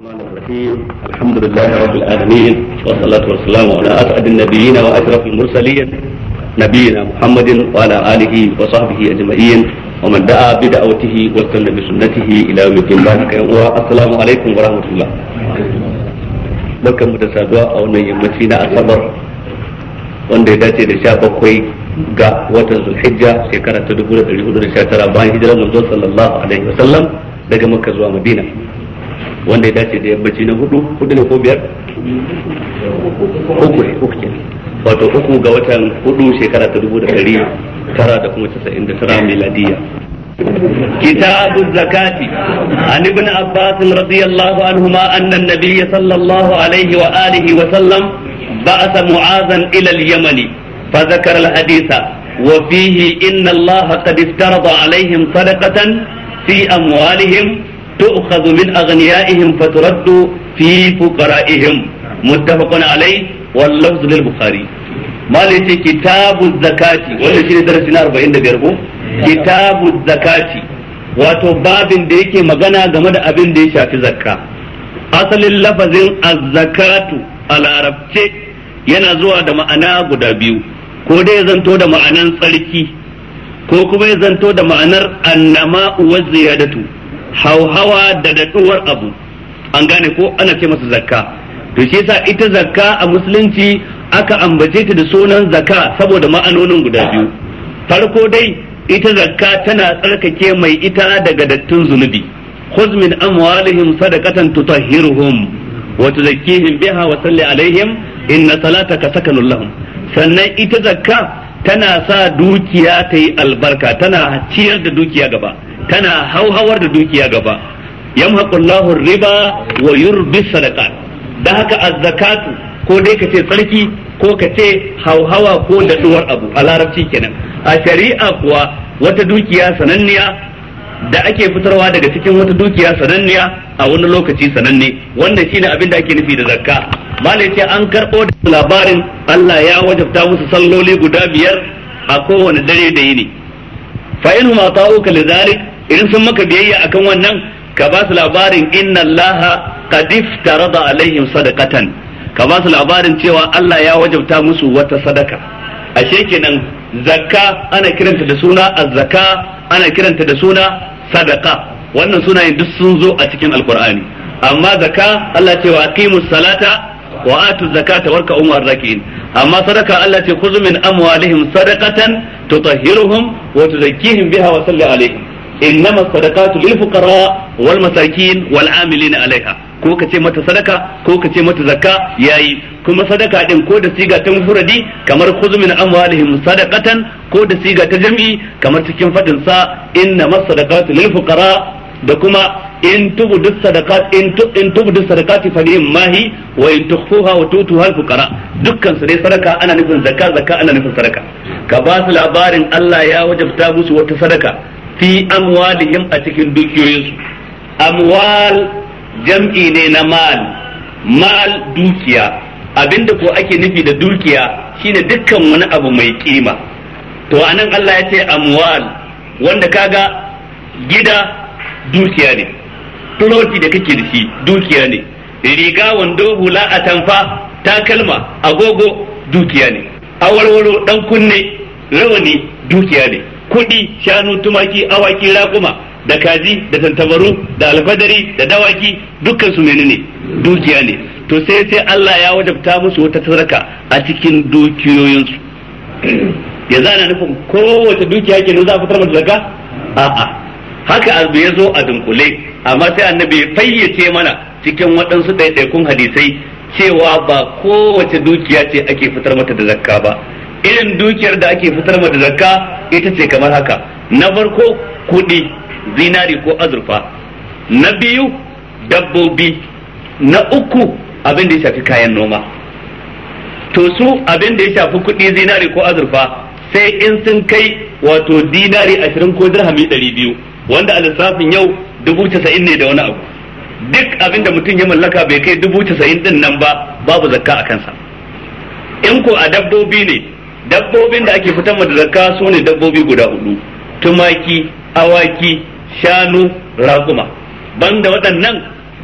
الرحمن الرحيم الحمد لله رب العالمين والصلاة والسلام على أسعد النبيين وأشرف المرسلين نبينا محمد وعلى آله وصحبه أجمعين ومن دعا بدعوته واستنى بسنته إلى يوم الدين بارك السلام عليكم ورحمة الله barkan mu da saduwa a wannan yammaci na asabar wanda ya dace da sha bakwai ga watan zulhijja shekara ta dubu da ɗari hudu da sha tara bayan hijirar manzon sallallahu alaihi wasallam daga makka zuwa madina wanda ya dace da yammaci na hudu hudu ne ko biyar uku ne uku kenan wato uku ga watan hudu shekara ta dubu da dari tara da kuma casa'in da tara miladiyya كتاب الزكاة عن ابن عباس رضي الله عنهما أن النبي صلى الله عليه وآله وسلم بعث معاذا إلى اليمن فذكر الحديث وفيه إن الله قد افترض عليهم صدقة في أموالهم تؤخذ من أغنيائهم فترد في فقرائهم متفق عليه واللفظ للبخاري ما ليس كتاب الزكاة درسنا كتاب الزكاة wato babin da yake magana game da abin da ya shafi zakka asalin lafazin azzakatu a larabce yana zuwa da ma'ana guda biyu ko dai ya zanto da ma'anan tsarki ko kuma ya zanto da ma'anar annama wa ziyadatu hauhawa da daɗuwar abu an gane ko ana ce masa zakka to shi yasa ita zakka a musulunci aka ambace ta da sunan zakka saboda ma'anonin guda biyu farko dai ita zakka tana tsarkake mai ita daga dattin zunubi khudh min amwalihim sadaqatan tutahhiruhum wa tuzakkihim biha wa salli alaihim inna salataka sakanun lahum sannan ita zakka tana sa dukiya ta yi albarka tana ciyar da dukiya gaba tana hauhawar da dukiya gaba yamhaqullahu riba wa yurbi sadaqat da haka az-zakatu ko dai kace tsarki ko kace hauhawa ko daduwar abu a larabci kenan a shari'a kuwa wata dukiya sananniya da ake fitarwa daga cikin wata dukiya sananniya a wani lokaci sananne wanda shine abin da ake nufi da zakka malai ce an karɓo da labarin Allah ya wajabta musu salloli guda biyar a kowane dare da yini fa in huma ta'uka lidhalik Idan sun maka biyayya akan wannan ka ba su labarin inna allaha qad iftarada alaihim sadaqatan ka ba su labarin cewa Allah ya wajabta musu wata sadaka ashe kenan zakka ana kiranta da suna azzaka ana kiranta da suna sadaka wannan sunayen duk sun zo a cikin alkur'ani amma zaka Allah ce wa aqimus salata wa atu zakata warka umar rakin amma sadaka Allah ce khudh min amwalihim sadaqatan tutahhiruhum wa tuzakkihim biha wa salli alaihim innama sadaqatu lil fuqara wal masakin wal amilina alaiha ko ka ce mata sadaka ko ka ce mata zakka yayi kuma sadaka din ko da siga ta mufradi kamar khudh min amwalihim sadaqatan ko da siga ta jam'i kamar cikin fadin sa innama sadaqatu lil fuqara da kuma in tubdu sadaqat in tu in tubdu sadaqati fa lihim mahi wa in tukhfuha wa tutuha al fuqara dukkan su dai sadaka ana nufin zakka zakka ana nufin sadaka ka ba su labarin Allah ya wajabta musu wata sadaka fi amwalihim a cikin dukiyoyinsu amwal jam'i ne na mal mal dukiya abinda ko ake nufi da dukiya shine dukkan wani abu mai kima to anan Allah ya ce amwal wanda kaga gida dukiya ne turoti da kake da shi dukiya ne riga wando hula a tamfa takalma agogo dukiya ne awarwaro dan kunne rawani dukiya ne Kudi, shanu tumaki awaki raƙuma da kaji da tantabaru da alfadari da dawaki dukkan su menene dukiya ne to sai sai Allah ya wajabta musu wata sadaka a cikin dukiyoyinsu yanzu ana nufin kowace dukiya ke za a fitar mata zakka a'a haka azu ya zo a dunkule amma sai annabi ya fayyace mana cikin waɗansu ɗaiɗaikun hadisai cewa ba kowace dukiya ce ake fitar mata da zakka ba irin dukiyar da ake fitar da zakka ita ce kamar haka na farko kuɗi zinari ko azurfa na biyu dabbobi na uku abin da ya shafi kayan noma to su abin da ya shafi kuɗi zinari ko azurfa sai in sun kai wato dinari ashirin ko dirhami ɗari biyu wanda a lissafin yau dubu casa'in ne da wani abu duk abin da mutum ya mallaka bai kai dubu casa'in din nan ba babu zakka a kansa in ko a dabbobi ne dabbobin da ake fitar da su ne dabbobi guda hudu tumaki awaki shanu raƙuma banda waɗannan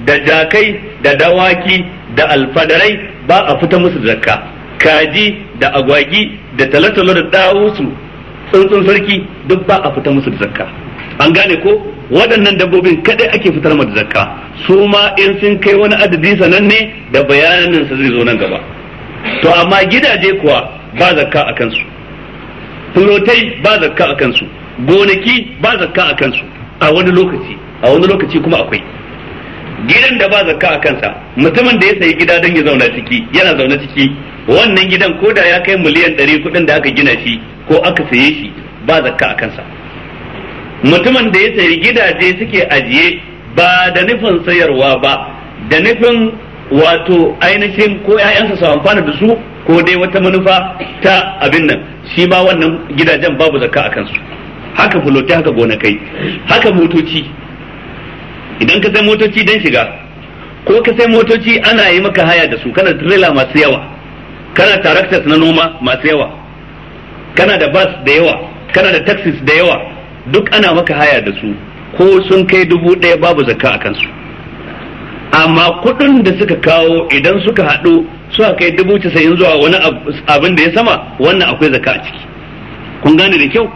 da jakai da dawaki da alfadarai ba a fita musu zakka kaji da agwagi da talatalo da dawusu tsuntsun sarki duk ba a fita musu zakka an gane ko waɗannan dabbobin kadai ake fitar da zakka su ma in sun kai wani adadi sananne da bayanin sun zai zo nan gaba to amma gidaje kuwa ba zakka a kansu furotai ba zakka a kansu gonaki ba zakka a kansu a wani lokaci a wani lokaci kuma akwai gidan da ba zakka a kansa mutumin da ya sayi gida don ya zauna ciki yana zauna ciki wannan gidan ko da ya kai miliyan ɗari kuɗin da aka gina shi ko aka saye shi ba zakka a kansa mutumin da ya sayi gidaje suke ajiye ba da nufin sayarwa ba da nufin wato ainihin ko 'ya'yansa su amfana da su ko dai wata manufa ta abin nan shi ma wannan gidajen babu zakka a kansu haka fulote haka gonakai haka motoci idan ka sai motoci dan shiga ko ka sai motoci ana yi maka haya da su kana trailer masu yawa kana tractors na noma masu yawa kana da bus da yawa kana da taxis da yawa duk ana maka haya da su ko sun kai dubu ɗaya babu zakka a kansu amma kuɗin da suka kawo idan suka haɗu Su a kai dubu casa'in zuwa wani abin da ya sama wannan akwai zaka a ciki kun gane da kyau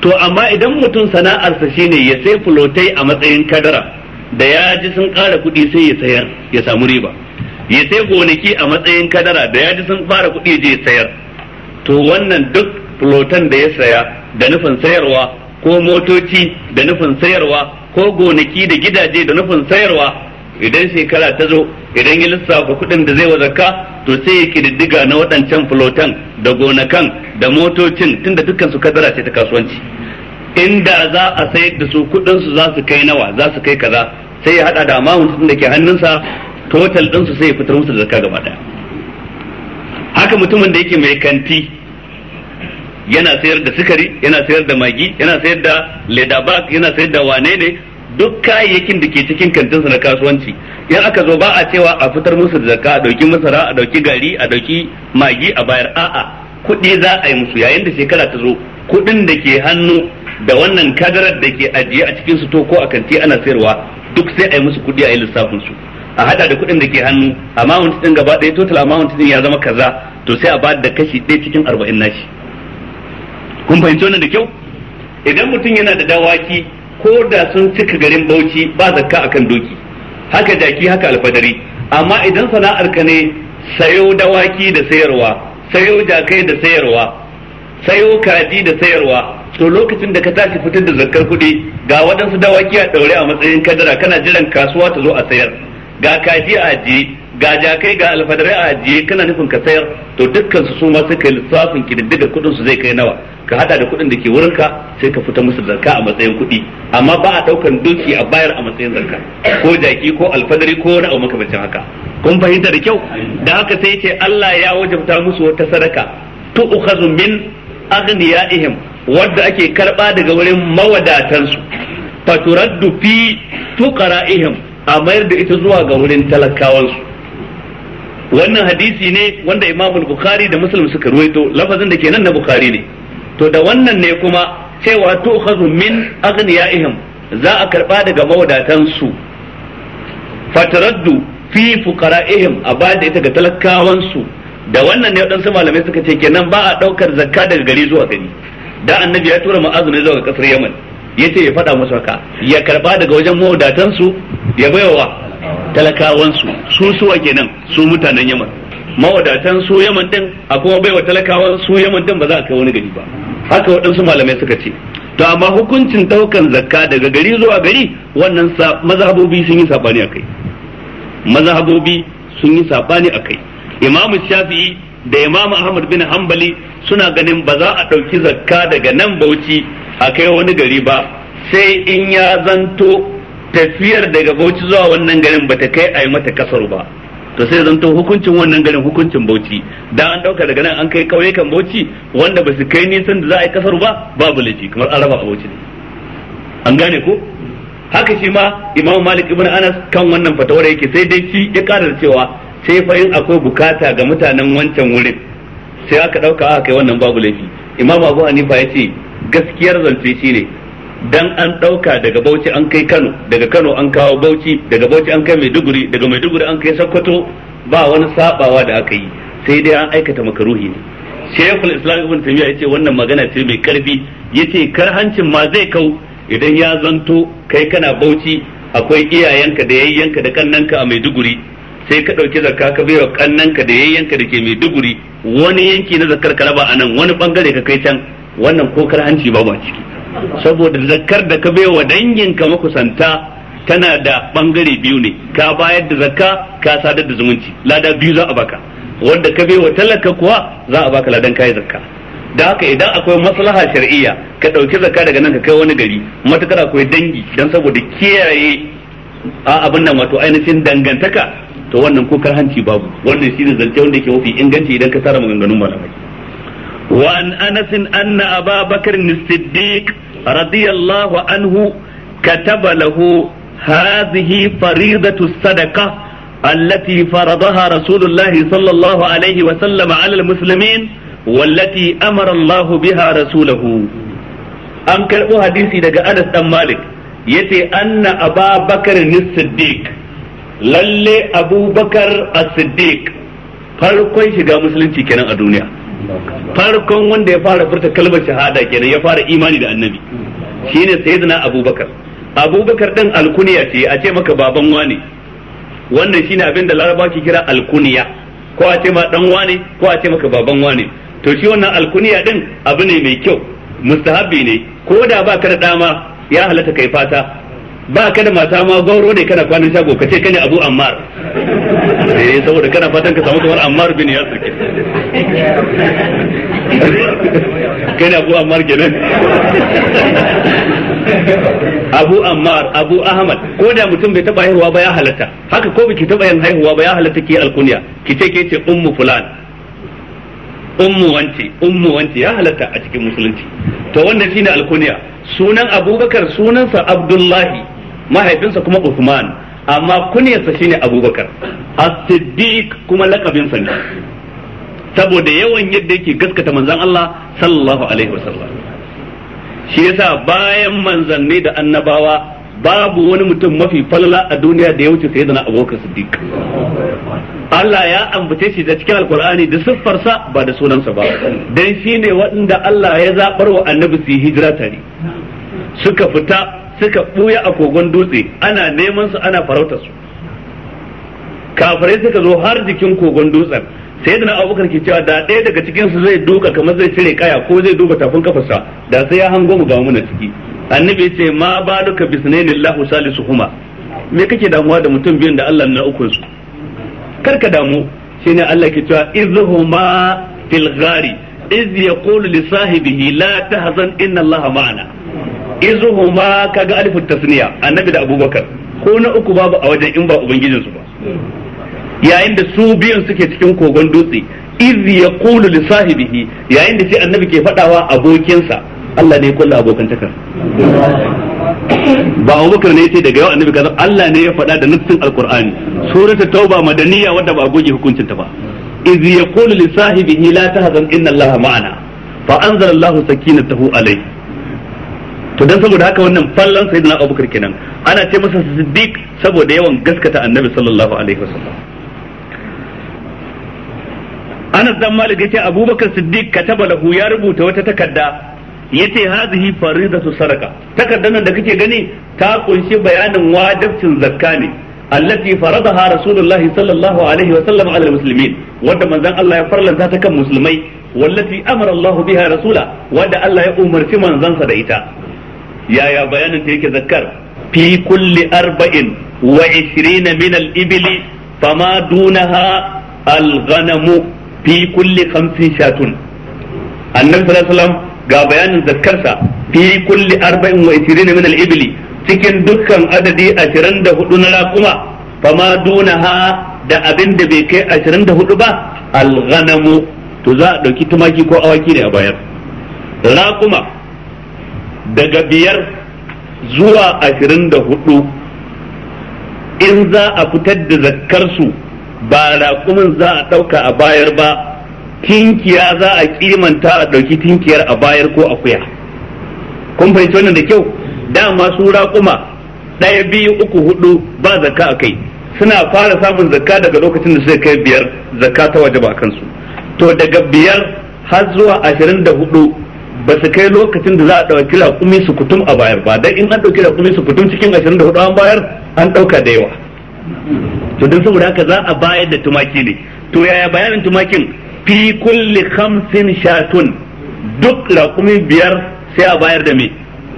to amma idan mutum sana'arsa shine ya sai fulotai a matsayin kadara da ya ji sun ƙara kuɗi sai ya sayar ya samu riba ya sai gonaki a matsayin kadara da ya ji sun fara kuɗi je sayar to wannan duk fulotan da ya saya da nufin sayarwa ko motoci da nufin sayarwa ko gonaki da gidaje da nufin sayarwa idan shekara ta zo idan ya lissafa kuɗin da zai wa to sai ya kididdiga na waɗancan fulotan da gonakan da motocin tunda dukkan su kadara ce ta kasuwanci inda za a sayar da su kuɗin su za su kai nawa za su kai kaza sai ya hada da amount din da ke hannunsa total din su sai ya fitar musu da zakka gaba daya haka mutumin da yake mai kanti yana sayar da sukari yana sayar da magi yana sayar da ledabak yana sayar da wane ne duk kayayyakin da ke cikin kantinsa na kasuwanci in aka zo ba a cewa a fitar musu da zakka a dauki masara a dauki gari a dauki magi a bayar a'a kuɗi za a yi musu yayin da shekara ta zo kuɗin da ke hannu da wannan kadarar da ke ajiye a cikin su to ko a kanti ana sayarwa duk sai a yi musu kuɗi a yi lissafin su a hada da kuɗin da ke hannu amount din gaba ɗaya total amount din ya zama kaza to sai a ba da kashi ɗaya cikin arba'in nashi kun fahimci wannan da kyau idan mutum yana da dawaki ko da sun cika garin bauchi ba zakka akan doki haka jaki haka alfadari amma idan sana'ar ka ne sayo dawaki da sayarwa sayo jakai da sayarwa sayo kaji da sayarwa to lokacin da ka tashi fitar da zakkar kuɗi ga waɗansu dawaki a ɗaure a matsayin kadara kana jiran kasuwa ta zo a sayar ga kaji a ajiye ga jakai ga alfadarai a ajiye kana nufin ka sayar to dukkan su su ma kai lissafin kididdiga kudin su zai kai nawa ka hada da kudin da ke wurin ka sai ka fita musu zakka a matsayin kudi amma ba a daukan doki a bayar a matsayin zakka ko jaki ko alfadari ko wani abu makamancin haka kun fahimta da kyau da haka sai ce Allah ya wajabta musu wata sadaka ukhazu min aghniyaihim wadda ake karba daga wurin mawadatansu faturaddu fi ihim. a mayar da ita zuwa ga wurin talakawansu wannan hadisi ne wanda imamul bukhari da muslim suka ruwaito lafazin da ke nan na bukhari ne to da wannan ne kuma cewa to khazu min aghniyaihim za a karba daga mawadatan su fataraddu fi fuqara'ihim a ba da ita ga talakawan su da wannan ne wadansu malamai suka ce kenan ba a daukar zakka daga gari zuwa gari da annabi ya tura ma'azumi zuwa zuwa kasar yaman Ya ce ya faɗa musu haka ya karba daga wajen mawadatan su ya baiwa talakawansu su su kenan su mutanen Yaman mawadatan su Yaman din a kuma baiwa talakawan su Yaman din ba za a kai wani gari ba haka waɗansu malamai suka ce to amma hukuncin daukan zakka daga gari zuwa gari wannan mazhabobi sun yi sabani akai mazhabobi sun yi sabani akai imam shafi'i da imam ahmad bin hanbali suna ganin ba za a ɗauki zakka daga nan bauchi a kai wani gari ba sai in ya zanto tafiyar daga bauchi zuwa wannan garin ba ta kai a yi mata kasar ba to sai zanto hukuncin wannan garin hukuncin bauchi da an dauka daga nan an kai kauyukan bauchi wanda ba su kai nisan da za a yi kasar ba babu laifi kamar an raba a bauchi ne an gane ko haka shi ma imam malik ibn anas kan wannan fatawar yake sai dai shi ya karar cewa sai fa in akwai bukata ga mutanen wancan wurin sai aka dauka aka kai wannan babu laifi imam abu hanifa ya ce gaskiyar zance shine dan an dauka daga Bauchi an kai Kano daga Kano an kawo Bauchi daga Bauchi an kai Maiduguri daga Maiduguri an kai Sokoto ba wani sabawa da aka yi sai dai an aikata makaruhi ne Sheikhul Islam Ibn Taymiyyah yace wannan magana ce mai karfi yace karhancin ma zai kau idan ya zanto kai kana Bauchi akwai iyayenka da yayyanka da kannanka a Maiduguri sai ka ɗauki zakka ka baiwa kannanka da yayyanka da ke Maiduguri wani yanki na zakkar ka raba anan wani bangare ka kai can wannan ko karhanci babu a ciki saboda zakar da ka baiwa danginka makusanta tana da bangare biyu ne ka bayar da zakka ka sadar da zumunci lada biyu za a baka wanda ka baiwa talaka kuwa za a baka ladan kai zakka da haka idan akwai maslaha shar'iyya ka dauki zakka daga nan ka kai wani gari matakar akwai dangi dan saboda kiyaye a abin nan wato ainihin dangantaka to wannan ko karhanci babu wannan shine zance wanda yake mafi inganci idan ka tara maganganun malamai وعن أنس أن أبا بكر الصديق رضي الله عنه كتب له هذه فريضة الصدقة التي فرضها رسول الله صلى الله عليه وسلم على المسلمين والتي أمر الله بها رسوله أم كربو حديثي دقاء أنس أم مالك يتي أن أبا بكر الصديق للي أبو بكر الصديق farkon shiga musulunci kenan a duniya farkon wanda ya fara furta kalmar shahada kenan ya fara imani da annabi shine sayyidina abubakar abubakar din alkuniya ce a ce maka baban wane wannan shine abin da laraba ke kira alkuniya ko a ce ma dan wane ko a ce maka baban wane to shi wannan alkuniya din abu ne mai kyau mustahabi ne ko da ba ka da dama ya halatta kai fata ba ka da mata ma gauro ne kana kwanan shago ka ce kane abu ammar eh saboda kana fatan ka samu kamar ammar bin yasir kana abu ammar kenan abu ammar abu ahmad ko da mutum bai taba haihuwa ba ya halatta haka ko biki taba yin haihuwa ba ya halatta ki alkunya ki ce ke ce ummu fulan ummu wanti ummu wanti ya halatta a cikin musulunci to wannan shine alkunya sunan abubakar sunansa abdullahi mahaifinsa kuma usman amma kunyarsa shine abubakar as-siddiq kuma lakabinsa ne saboda yawan yadda yake gaskata manzan Allah sallallahu alaihi wasallam shi yasa bayan manzanni da annabawa babu wani mutum mafi falala a duniya da ya wuce sayyidina abokan Siddiq Allah ya ambace shi da cikin Alkur'ani da siffarsa ba da sunansa ba dan shine waɗanda Allah ya zabar wa annabi su hijira tare suka fita suka buya a kogon dutse ana neman su ana farautar su kafirai suka zo har jikin kogon dutsen sai da abubakar ke cewa da ɗaya daga su zai duka kamar zai cire kaya ko zai duba tafin kafarsa da sai ya hango mu ga na ciki annabi ya ce ma baluka bisnaini lillahi salisuhuma me kake damuwa da mutum biyun da Allah na uku su karka damu shine Allah ke cewa izhuma fil ghari iz yaqulu li sahibihi la tahzan inna Allah ma'ana izhuma kaga alif tasniya annabi da abubakar ko na uku babu a wajen in ba ubangijinsu ba yayin da su biyan suke cikin kogon dutse iz yaqulu li sahibihi yayin da shi annabi ke fadawa abokinsa Allah ne ya kulla abokantakar ba Abubakar ne yace daga yau annabi kaza Allah ne ya faɗa da nutsin Alqur'ani suratul tauba madaniya wadda ba a goge hukuncinta ba iz yaqulu li sahibihi la tahzan inna Allah ma'ana fa anzala Allah sakinatahu alayhi to dan saboda haka wannan fallan sayyidina Abubakar kenan ana ce masa Siddiq saboda yawan gaskata annabi sallallahu alaihi wasallam Anas dan Malik yace Abubakar Siddiq kataba lahu ya rubuta wata takarda yace hazihi faridatu sadaka takardar nan da kake gani ta kunshi bayanin wajibcin zakka ne allati faradaha rasulullah sallallahu alaihi wa sallam ala almuslimin wanda manzon Allah ya farlanta ta kan musulmai wallati amara Allah biha rasula wanda Allah ya umarci manzansa da ita yaya bayanin ta yake zakkar fi kulli arba'in wa 20 min al-ibli fama dunaha al-ghanamu fi kulli khamsin shatun annabi sallallahu alaihi ga bayanin zakkarsa fi kulli arba'in wa ishirin min al-ibli cikin dukkan adadi 24 na raƙuma fama dunaha da abin da bai kai 24 ba al-ghanamu to za a dauki tumaki ko awaki ne a bayar raƙuma daga biyar zuwa 24 in za a fitar da zakkarsu ba raƙumin za a ɗauka a bayar ba tinkiya za a kimanta a ɗauki tinkiyar a bayar ko akuya kun fahimci wannan da kyau dama su raƙuma ɗaya biyu uku hudu ba zakka a kai suna fara samun zakka daga lokacin da suka kai biyar zakka ta waje ba kansu to daga biyar har zuwa ashirin da hudu ba su kai lokacin da za a ɗauki raƙumi su kutum a bayar ba dan in an ɗauki raƙumi su kutum cikin ashirin da hudu an bayar an ɗauka da yawa to dan saboda haka za a bayar da tumaki ne to yaya bayanin tumakin fi kulli khamsin shatun duk rakumi biyar sai a bayar da me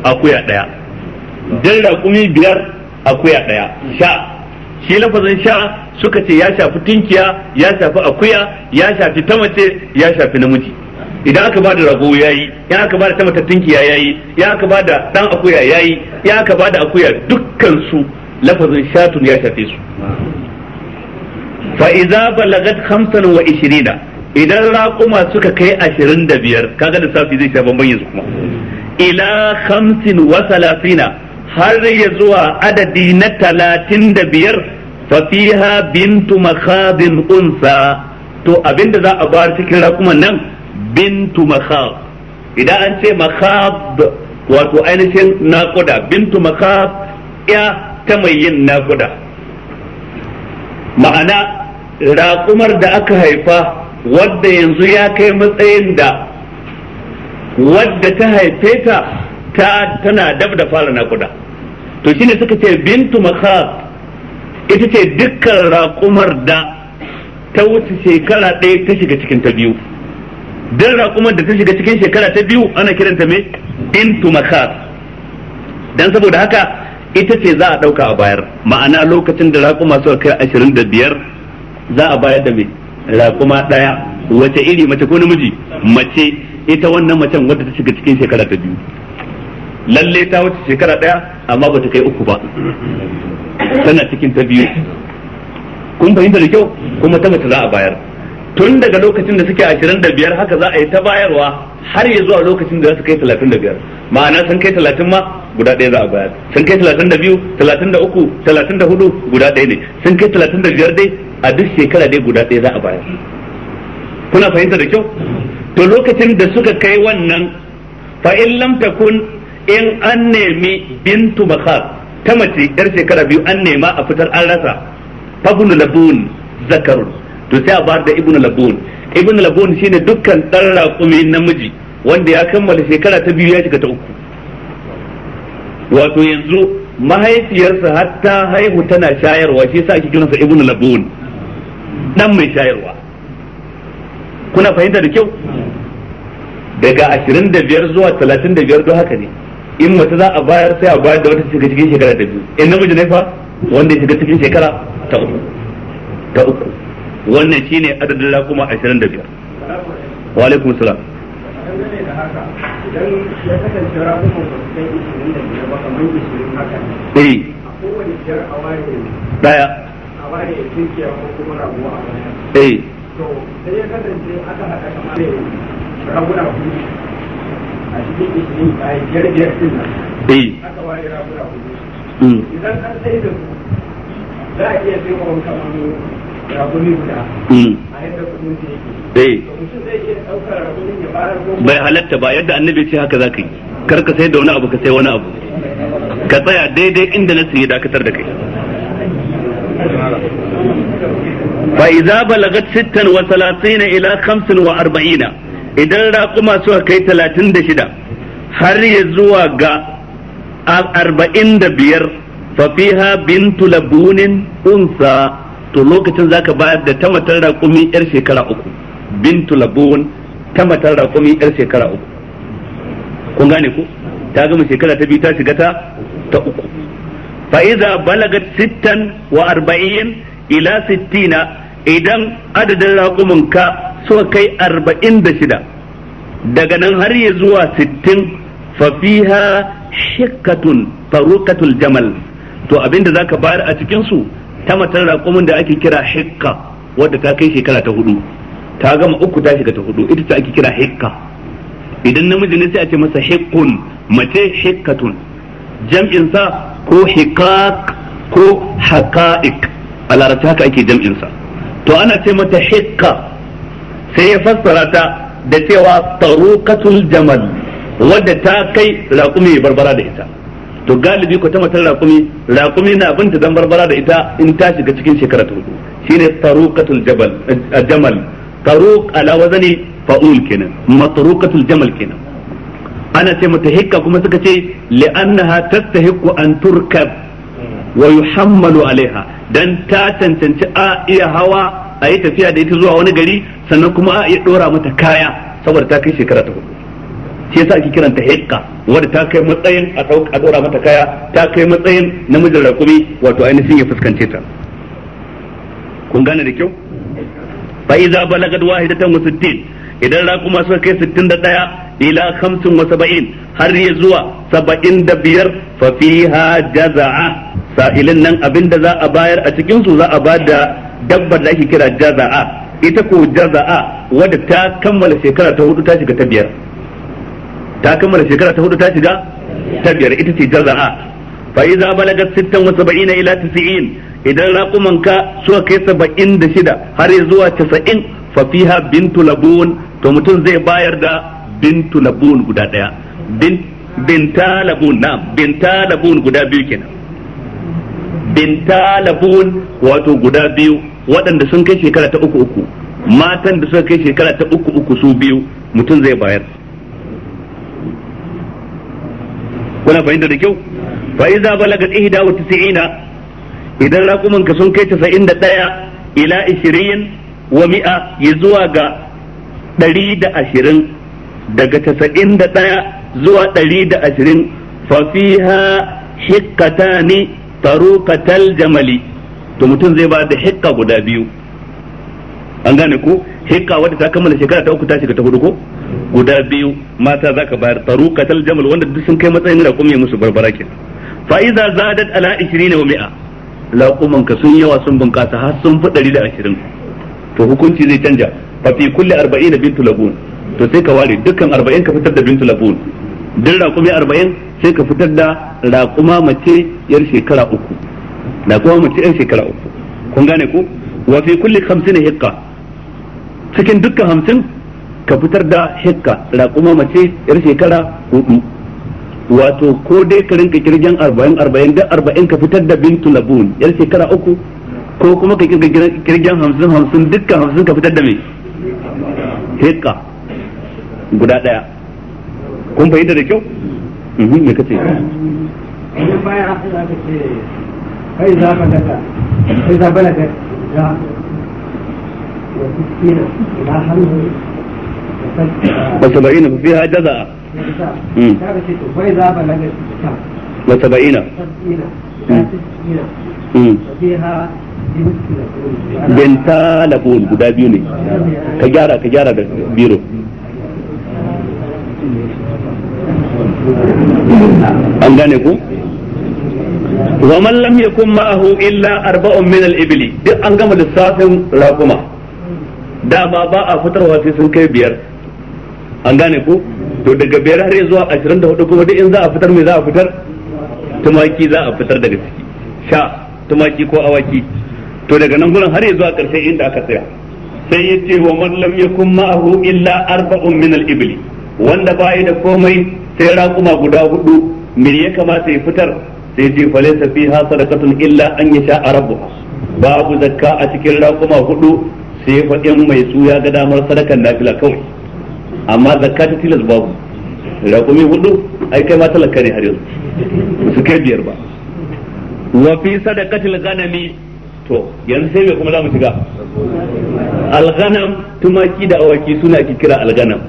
akuya daya dan raƙumi biyar akuya daya sha shi lafazin sha suka ce ya shafi tunkiya ya shafi akuya ya shafi tamace ya shafi namiji idan aka bada rago yayi idan aka bada tamata mace tunkiya yayi idan aka bada dan akuya yayi idan aka bada akuya dukkan su lafazin shatun ya shafe su fa idza balagat khamsan wa ishirina idan raquma suka kai ashirin da biyar kaga lissafi zai sha bamban yanzu kuma ila khamsin wa salafina har ya zuwa adadi na talatin da biyar fa fiha bintu makhabin unsa to abinda za a bar cikin raquman nan bintu makhab idan an ce makhab wato ainihin naquda bintu makhab ya ta mai yin ma'ana raƙumar da aka haifa wadda yanzu ya kai matsayin da wadda ta haife ta ta tana dab da fara naƙuda to shine suka ce bintu makhaf ita ce dukkan raƙumar da ta wuce shekara ɗaya ta shiga cikin ta biyu dan raƙumar da ta shiga cikin shekara ta biyu ana kiranta me bintu makhaf dan saboda haka ita ce za a ɗauka a bayar ma'ana lokacin da raƙuma suka kai ashirin da biyar za a bayar da mai raƙuma ɗaya wace iri mace ko namiji mace ita wannan macen wadda ta shiga cikin shekara ta biyu lalle ta wuce shekara ɗaya amma ba ta kai uku ba tana cikin ta biyu kun fahimta da kyau kuma ta mace za a bayar tun daga lokacin da suke ashirin da biyar haka za a yi ta bayarwa har ya zuwa lokacin da za su kai talatin da biyar ma'ana sun kai talatin ma guda ɗaya za a bayar sun kai talatin da biyu talatin da uku talatin da hudu guda ɗaya ne sun kai talatin da biyar dai a duk shekara dai guda ɗaya za a bayar kuna fahimta da kyau to lokacin da suka kai wannan fa in lam takun in an nemi bintu makhar ta mace yar shekara biyu an nema a fitar an rasa fabnu labun zakarun to sai a bayar da ibnu labun ibnu labun shine dukkan dan raƙumi namiji wanda ya kammala shekara ta biyu ya shiga ta uku wato yanzu mahaifiyarsa hatta haihu tana shayarwa shi sa ake kiransa ibnu labun dan mai shayarwa kuna fahimta da kyau daga 25 zuwa 35 don haka ne in mace za a bayar sai a bayar da wata shiga cikin shekara da biyu in namiji ne fa wanda ya shiga cikin shekara ta uku ta uku wannan shine adadin kuma 25 wa alaikum salam dangane da haka idan ya kasance ragunan ba ishirin da biyar ba kamar ishirin haka ne eh. a kowane biyar a daya a ko kuma a eh. to sai ya kasance aka haɗa kamar raguna hudu a cikin ishirin a biyar biyar din nan eh. aka mm. idan an sai da su za a iya sai kamar Hmm. Eh. bai halatta ba yadda annabi ce haka zaka yi kar ka sai da wani abu ka sai wani abu ka tsaya daidai inda nasu ya dakatar da kai fa idza balagat sittan wa salatina ila khamsin wa arba'ina idan raƙuma suka kai talatin da shida har ya zuwa ga arba'in da biyar fa fiha bintu labunin unsa to lokacin za ka bayar da ta matar raƙumi yar shekara uku bintu labun ta matar raƙumi yar shekara uku kun gane ku ta gama shekara ta biyu ta shiga ta ta uku fa iza balagat sittan wa arba'in ila sittina idan adadin raƙumin ka suka kai arba'in da shida daga nan har ya zuwa sittin fa fiha shikkatun farukatul jamal to abinda zaka bayar a cikin su ta matar raƙumin da ake kira hikka wadda ta kai shekara ta hudu ta gama uku ta shiga ta hudu ita ta ake kira hikka idan namiji ne sai a ce masa hikkun mace hikkatun jam'in sa ko hikak ko haqa'iq a larabci haka ake jam'in to ana ce mata hikka sai ya fassara ta da cewa katul jamal wadda ta kai raƙumi barbara da ita to galibi ko ta matar raƙumi raƙumi na binta dan barbara da ita in ta shiga cikin shekara ta hudu shine taruqatul jabal eh, jamal taruq ala wazani fa'ul kenan matruqatul jamal kenan ana ce mata hikka kuma suka ce li'annaha tastahiqu an turkab wa yuhammalu alaiha dan ta cancanci a iya hawa a yi tafiya da ita zuwa wani gari sannan kuma a iya ɗora mata kaya saboda ta kai shekara ta hudu shi yasa ake kiranta hiqqa wadda ta kai matsayin a a mata kaya ta kai matsayin namijin raƙumi wato ainihin ya fuskance ta kun gane da kyau fa iza balagat wahidatan wa sittin idan rakuma suka kai 61 ila 75 har ya zuwa 75 fa fiha jaza'a sa'ilin nan abinda za a bayar a cikin su za a ba da dabbar da ake kira jaza'a ita ko jaza'a wadda ta kammala shekara ta hudu ta shiga ta biyar ta kammala shekara ta hudu ta shiga ta biyar ita ce jaza'a fa iza balaga 76 ila 90 idan raquman ka suka kai 76 har zuwa 90 fa fiha bintu labun to mutum zai bayar da bintu labun guda daya bin binta labun na binta labun guda biyu kenan binta labun wato guda biyu waɗanda sun kai shekara ta uku uku matan da suka kai shekara ta uku uku su biyu mutum zai bayar kuna fahimta da kyau fa iza balagat ihda wa tis'ina idan raƙuman ka sun kai 91 ila 20 wa mi'a ya ga 120 daga 91 zuwa 120 fa fiha hiqqatani taruqatal jamali to mutum zai ba da hiqqa guda biyu an gane ko hiqqa wadda ta kammala shekara ta uku ta shiga ta hudu ko guda biyu mata zaka bayar taruqatal jamal wanda duk sun kai matsayin da kuma musu barbara ke fa iza zadat ala 20 wa 100 laquman ka sun yawa sun bunkasa har sun fi 120 to hukunci zai canja fa fi kulli 40 bintu labun to sai ka ware dukkan 40 ka fitar da bintu labun duk raƙumi 40 sai ka fitar da raƙuma mace yar shekara uku raƙuma mace yar shekara uku kun gane ku wa fi kulli 50 hiqqa cikin dukkan 50 ka fitar da hikka raƙuma mace yar shekara hudu wato ko dai ka rinka kirgin arba'in arba'in da arba'in ka fitar da bintu labun yar shekara uku ko kuma ka kirgin hamsin hamsin dukkan hamsin ka fitar da mai hekka guda ɗaya kun fahimta da kyau mhm, me kace kai za ka daga kai za balaga وسبعين ففيها جزاء وسبعين guda biyu ne ka gyara ka gyara da biro an gane ku wa man lam yakun ma'ahu illa arba'un minal al-ibli duk an gama lissafin raquma dama ba a fitarwa sai sun kai biyar an gane ku? to daga biyar har zuwa ashirin da hudu kuma duk in za a fitar mai za a fitar tumaki za a fitar daga ciki sha tumaki ko awaki to daga nan gurin har zuwa karshe inda aka tsaya sai ya ce wa man lam yakun ma'ahu illa arba'un min al-ibli wanda ba da komai sai raƙuma guda hudu me ya kamata ya fitar sai ce fa laysa fiha sadaqatun illa an yasha rabbuha babu zakka a cikin raƙuma hudu sai fa mai su ya ga damar sadakan nafila kawai amma zakka ta tilas babu raƙumi hudu ai kai ma talaka ne har yanzu su kai biyar ba wa fi sadakatil ganami to yanzu sai me kuma za mu shiga alganam tumaki da awaki suna kira alganam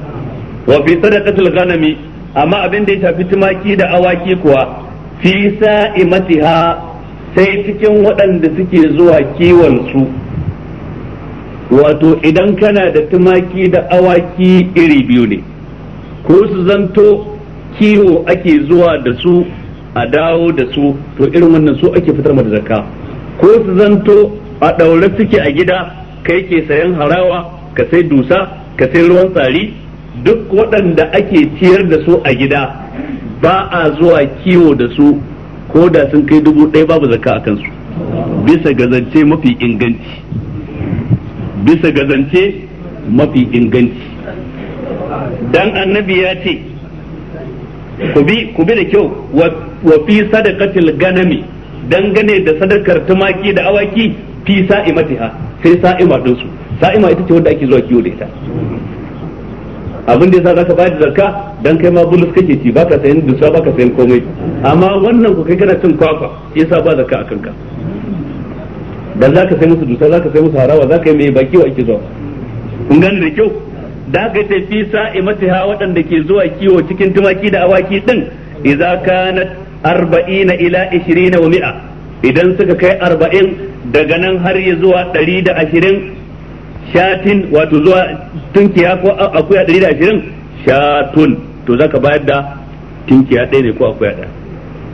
wa fi sadakatil ganami amma abin da ya shafi tumaki da awaki kuwa fi sa'imatiha sai cikin waɗanda suke zuwa kiwon su wato idan kana da tumaki da awaki iri biyu ne ko su zanto kiwo ake zuwa da su a dawo da su to irin wannan su ake fitar da zakka ko su zanto a ɗaure suke a gida kai ke sayan harawa ka sai dusa ka sai ruwan tsari duk waɗanda ake ciyar da su a gida ba a zuwa kiwo da su ko da sun kai dubu ɗaya babu zakka a kansu bisa ga zance mafi inganci bisa ga zance mafi inganci dan annabi ya ce ku bi ku bi da kyau wa fi sadaqatil ganami dangane da sadakar tumaki da awaki fi sa'imatiha sai sa'ima din su sa'ima ita ce wanda ake zuwa kiwo da ita abin da yasa zaka bayar da zakka dan kai ma bulus kake ci baka sayan dusa baka sayan komai amma wannan ku kai kana cin kwakwa yasa ba zakka akan ka dan zaka sai musu dusa zaka sai musu harawa zaka yi mai baki wa ake zuwa kun gane da kyau da ka tafi sa'imatiha waɗanda ke zuwa kiwo cikin tumaki da awaki din idza kanat 40 ila 20 wa mi'a idan suka kai arba'in daga nan har ya zuwa ɗari da ashirin shatin wato zuwa tunkiya ko akuya ɗari da ashirin shatun to zaka bayar da tunkiya ɗaya ne ko akuya ɗaya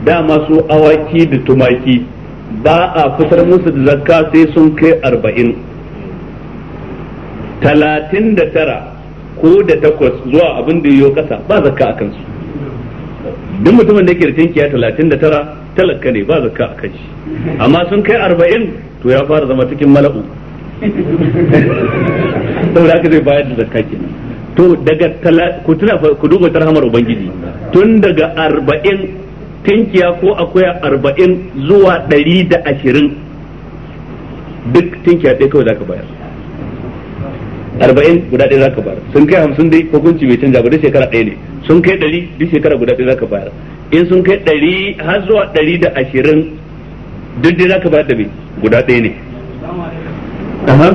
dama su awaki da tumaki ba a fitar musu da zakka sai sun kai arba'in talatin da tara ko da takwas zuwa abin da yiwu kasa ba zakka a kansu duk mutumin da yake da tinkiya talatin da tara talaka ne ba zakka a kan shi amma sun kai arba'in to ya fara zama cikin mala'u saboda haka zai bayar da zakka ke to daga ku tuna ku duba tarhamar ubangiji tun daga arba'in tinkiya ko akwai arba'in zuwa ɗari da ashirin duk tinkiya ɗaya kawai za ka bayar arba'in guda ɗaya za ka bayar sun kai hamsin dai hukunci bai canza ba duk shekara ɗaya ne sun kai ɗari duk shekara guda ɗaya za ka bayar in sun kai ɗari har zuwa ɗari da ashirin duk dai za ka bayar da mai guda ɗaya ne kamar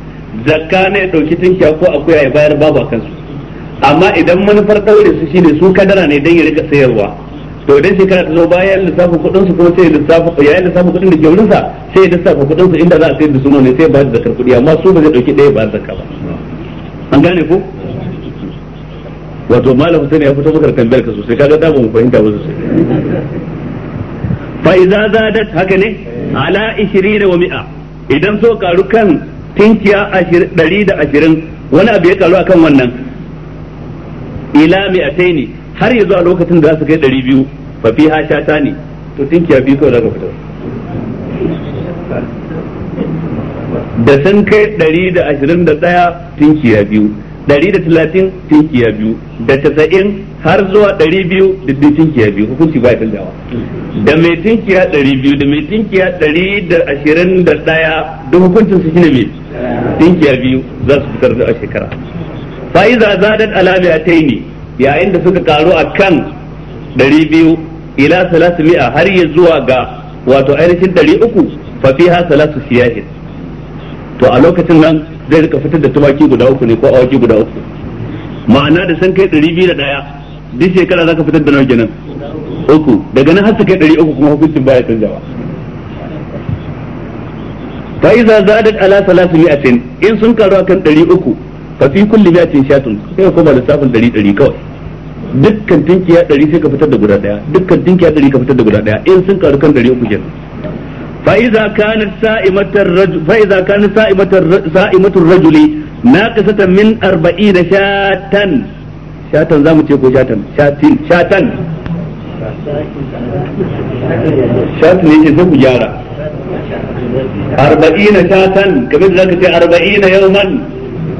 zakka ne ɗauki tunkiya ko akuya ya bayar babu a kansu amma idan manufar ɗaure su shine su kadara ne don ya rika sayarwa to idan shekara ta zo bayan lissafin kuɗin su kuma sai lissafa ya lissafa kuɗin da ke wurinsa sai ya lissafa kuɗin su inda za a sayar da su ne sai ba da zakar kuɗi amma su ba zai ɗauki daya ba zakka ba an gane ko wato malam sai ya fito maka tambayar ka sosai kaga da ba mu fahimta ba sosai fa idza zadat haka ne ala 20 wa mi'a idan so karu kan tinkiya ɗari da ashirin wani abu ya karu akan wannan ila mi'atai ne har yanzu a lokacin da za su kai ɗari biyu fa fi ha ta ne to tinkiya biyu kawai za ka fitar da sun kai ɗari da ashirin da ɗaya tinkiya biyu ɗari da talatin tinkiya biyu da tasa'in har zuwa ɗari biyu da diddin tinkiya biyu hukunci ba ya canjawa da mai tinkiya ɗari biyu da mai tinkiya ɗari da ashirin da ɗaya da hukuncin su shine mai dinkiya biyu za su fitar da a shekara fa iza zadat ala mi'ataini yayin da suka karu a akan 200 ila 300 har yi zuwa ga wato ainihin 300 fafi ha salasu siyahin to a lokacin nan zai rika fitar da tumaki guda uku ne ko awaki guda uku ma'ana da san kai da 201 duk shekara za ka fitar da nawa kenan uku daga nan har su kai 300 kuma hukuncin baya canjawa fa iza zadat ala 300 in sun karu akan 300 fa fi kulli mi'atin shatun sai ka koma lissafin 100 kawai dukkan tinkiya 100 sai ka fitar da guda daya dukkan tinkiya 100 ka fitar da guda daya in sun karu kan 300 kenan fa iza kanat sa'imatar rajul fa iza kanat sa'imatar sa'imatur naqisatan min 40 shatan shatan zamu ce ko shatan shatin shatan ne sai ku gyara arba'ina shatan kamar da zaka ce arba'ina yawman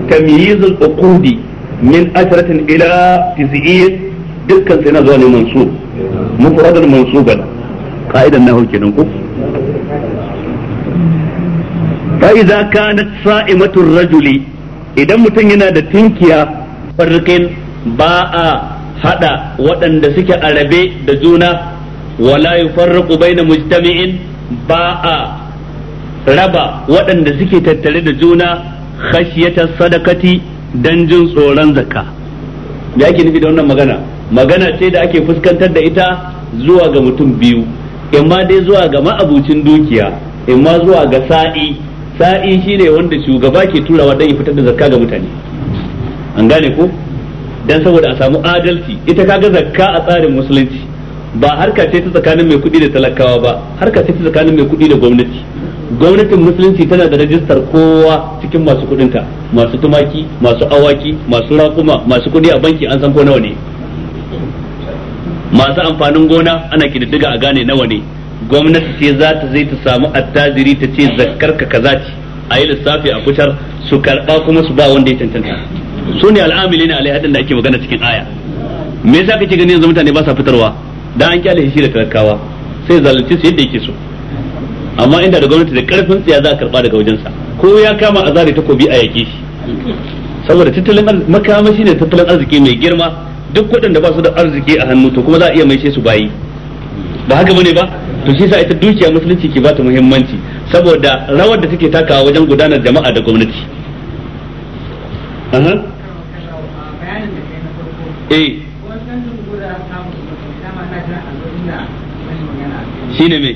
tamyiz al-uqud min ashratin ila tis'in dukkan sai na zuwa ne mansub mufradan mansuban qa'idan nahu kenan ku fa idza kanat sa'imatu ar-rajuli idan mutum yana da tinkiya farqin ba a hada waɗanda suke arabe da juna wala yufarriqu baina mujtami'in ba a raba waɗanda suke tattare da juna khashiyata sadakati dan jin tsoron zakka me ake nufi da wannan magana magana ce da ake fuskantar da ita zuwa ga mutum biyu imma dai zuwa ga ma'abucin dukiya imma zuwa ga sa'i sa'i shine wanda shugaba ke turawa dan ya fitar da zakka ga mutane an gane ko dan saboda a samu adalci ita ka ga zakka a tsarin musulunci ba harka ce ta tsakanin mai kuɗi da talakawa ba harka ce ta tsakanin mai kuɗi da gwamnati gwamnatin musulunci tana da rajistar kowa cikin masu kudinta masu tumaki masu awaki masu raƙuma masu kudi a banki an san ko nawa ne masu amfanin gona ana kididdiga a gane nawa ne gwamnati ce za ta zai ta samu attajiri ta ce zakkar ka kaza ce a yi lissafi a fitar su karɓa kuma su ba wanda ya cancanta su ne al'amili ne alai hadin da ake magana cikin aya me yasa kake ganin yanzu mutane ba sa fitarwa dan an kyale shi da talakawa sai zalunci su yadda yake so amma inda da gwamnati da karfin tsaya za a karba daga wajensa ko ya kama azari zare takobi a yake shi saboda tattalin makamashi ne tattalin arziki mai girma duk waɗanda ba su da arziki a hannu to kuma za a iya maishe su bayi ba haka bane ba to shi sa ita dukiya musulunci ke bata muhimmanci saboda rawar da take takawa wajen gudanar jama'a da gwamnati eh shine me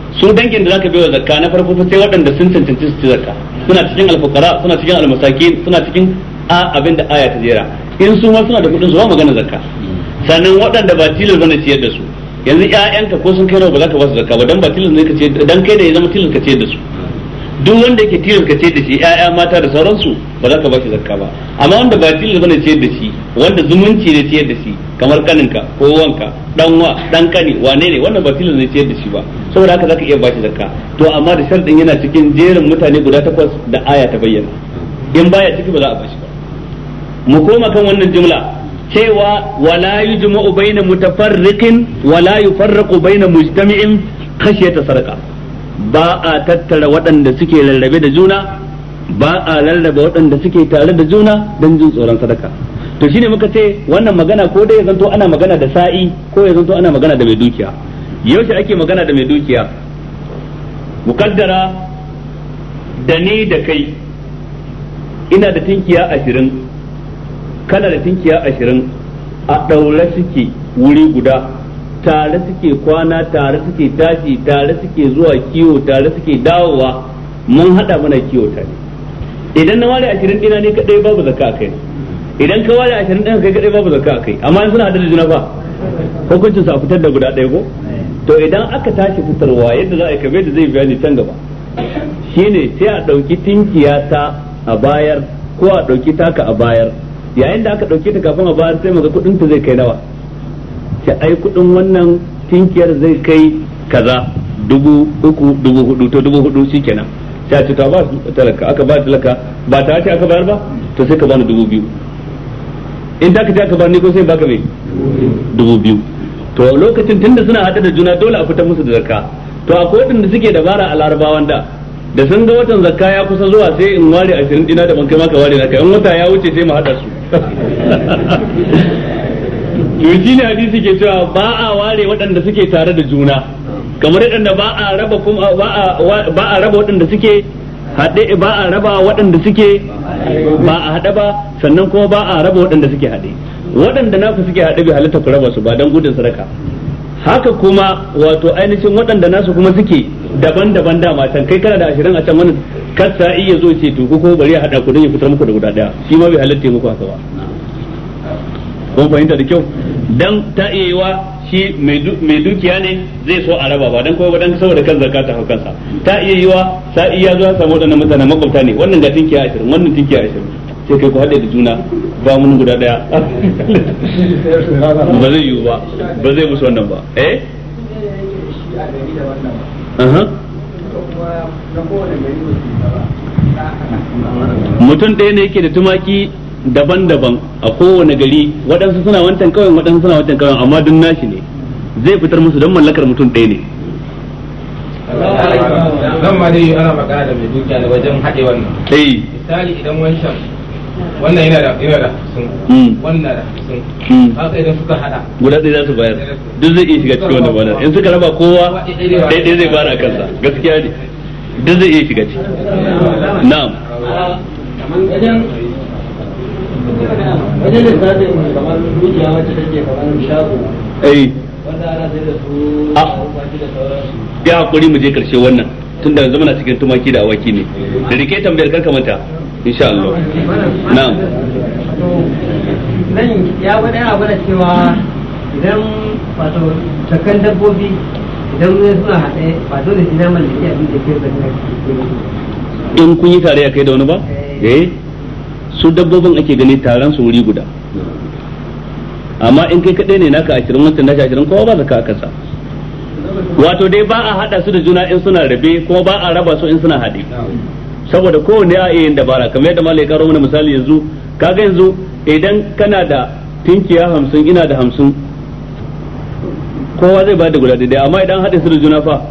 su dangin da zaka baiwa zakka na farko sai waɗanda sun cancanci su ci zakka suna cikin alfukara suna cikin almasakin suna cikin a abin da aya ta jera in su ma suna da kuɗin su ba magana zakka sannan waɗanda ba tilal bane ciyar da su yanzu ƴaƴanka ko sun kai nawa ba za ka ba su zakka ba dan ba tilal ne ka ce dan kai da ya zama tilal ka ce da su duk wanda yake tilal ka ce da shi ƴaƴa mata da sauransu ba za ka ba shi zakka ba amma wanda ba tilal bane ciyar da shi wanda zumunci ne ciyar da shi kamar kaninka ko wanka dan wa dan kani wane ne wannan ba filin ne ciyar da shi ba saboda haka zaka iya bashi zakka to amma da sharadin yana cikin jerin mutane guda takwas da aya ta bayyana in baya ciki ba za a bashi ba mu koma kan wannan jumla cewa wala yujma'u baina mutafarriqin wala yufarraqu baina mujtami'in khashiyata sarqa ba a tattara waɗanda suke rarrabe da juna ba a rarraba waɗanda suke tare da juna don jin tsoron sadaka to shine muka ce wannan magana ko dai ya zanto ana magana da sa'i ko ya zanto ana magana da mai dukiya yaushe ake magana da mai dukiya mukaddara da ni da kai ina da tinkiya ashirin kana da tinkiya ashirin a ɗaure suke wuri guda tare suke kwana tare suke tashi tare suke zuwa kiwo tare suke dawowa mun haɗa mana kiwo tare idan na ware ashirin dina ne kaɗai babu zaka kai idan ka ware ashirin ɗin kai kaɗai babu zakka kai amma in suna hadar da juna ba hukuncin sa fitar da guda ɗaya ko to idan aka tashi fitarwa yadda za a yi kamar da zai bayani can gaba shine sai a ɗauki tinkiya ta a bayar ko a ɗauki taka a bayar yayin da aka ɗauki ta kafin a bayar sai muga kuɗin ta zai kai nawa sai ai kuɗin wannan tinkiyar zai kai kaza dubu uku dubu hudu to dubu hudu kenan sai a ci ta ba talaka aka ba talaka ba ta ce aka bayar ba to sai ka bani dubu biyu in da ka ta bar ni ko sai baka mai dubu biyu to lokacin tunda suna hada da juna dole a fitar musu da zakka to akwai waɗanda suke bara a larabawan da da sun ga watan zakka ya kusa zuwa sai in ware 20 dina da ban kai maka ware naka in wata ya wuce sai mu hada su to shi ne hadisi ke cewa ba a ware waɗanda suke tare da juna kamar yadda ba a raba kuma ba a raba waɗanda suke haɗe ba a raba waɗanda suke ba a haɗe ba sannan kuma ba a raba waɗanda suke haɗe waɗanda naku suke haɗe bai halitta ku raba su ba don gudun sadaka haka kuma wato ainihin waɗanda nasu kuma suke daban-daban dama can kai kana da ashirin a can wani kasa iya zo ce to ko bari a haɗa ku don ya fitar muku da guda ɗaya shi ma bai halitta muku haka ba kun fahimta da kyau dan ta iya wa shi mai dukiya ne zai so a raba ba dan kuma wadan saboda kan zakka ta hukansa ta iya yiwa sa'i ya zo ya samu wadannan mutane makwabta ne wannan ga a ashirin wannan a ashirin sai kai ku haɗe da juna ba mun guda daya ba zai yiwu ba ba zai musu wannan ba eh mutum ɗaya ne yake da tumaki daban-daban a kowane gari waɗansu suna wancan kawai waɗansu suna wancan kawai amma duk nashi ne zai fitar musu don mallakar mutum ɗaya ne zan ma dai ana magana da mai dukiya da wajen haɗe wannan eh. misali idan wancan wannan yana da yana da hamsin hmm. wannan da hamsin hmm. haka idan suka hada guda ɗaya za su bayar duk zai iya shiga cikin wannan wannan in suka raba kowa ɗaya ɗaya zai bayar a kansa gaskiya ne duk zai iya shiga ciki na'am wajen lissafin kamar dukiya wacce take kamar shago eh. wanda ana sai da su ah. a awaki da sauransu ya hakuri mu je karshe wannan tun da zama na cikin tumaki da awaki ne da rike tambayar karka mata insha Allah na'am nan ya wani abu da cewa idan wato cakan dabbobi idan ne suna haɗe ba dole sai na mallaki abin da ke ban in kun yi tare ya kai da wani ba eh, eh. su dabbobin ake gani taron su wuri guda amma in kai kadai ne naka ashirin wancan naka ashirin kowa ba zaka kasa. wato dai ba a hada su da juna in suna rabe ko ba a raba su in suna haɗe saboda kowane a yin dabara kamar yadda malai karo mana misali yanzu kaga yanzu idan kana da tinkiya hamsin ina da hamsin kowa zai bayar da guda daidai amma idan haɗe su da juna fa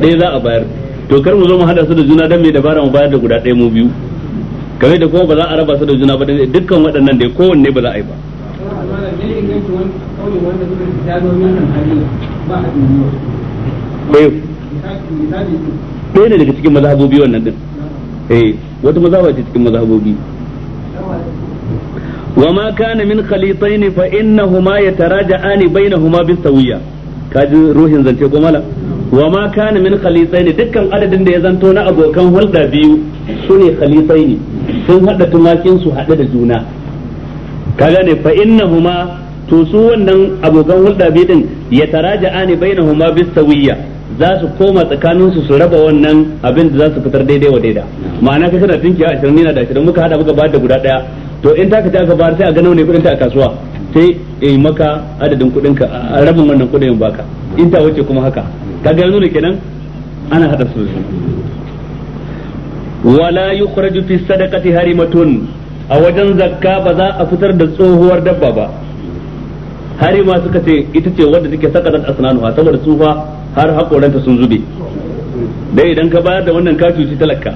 ɗaya za a bayar to kar mu zo mu haɗa su da juna don mai dabara mu bayar da guda ɗaya mu biyu game da kuma ba za a raba su da juna ba dukkan waɗannan dai kowanne ba za a yi ba ɗaya ne daga cikin mazhabobi wannan din eh wata mazhaba ce cikin mazhabobi wa ma kana min khalitain fa innahuma yataraja'ani bainahuma bis sawiyya kaji ruhin zance ko mala wa ma kana min khalitain dukkan adadin da ya zanto na abokan hulda biyu sune khalitain sun hada tumakin su hade da juna kaga ne fa innahuma to su wannan abokan hulɗa biyu din ya taraja'a ne bainahuma bisawiyya za su koma tsakanin su su raba wannan abin da za su fitar daidai wa daida ma'ana ka tunki tunkiya 20 na da 20 muka hada muka ba da guda daya to in ta ka ta ka bayar sai a gano ne kudin ta a kasuwa sai yi maka adadin kudin ka rabin wannan kudin baka in ta wuce kuma haka ka ga nuna kenan ana hada su wala yukhraju fi sadaqati harimatun a wajen zakka ba za a fitar da tsohuwar dabba ba harima suka ce ita ce wanda take sakatat asnanuha saboda tsufa har hakoranta sun zube dai idan ka bayar da wannan ka cuci talaka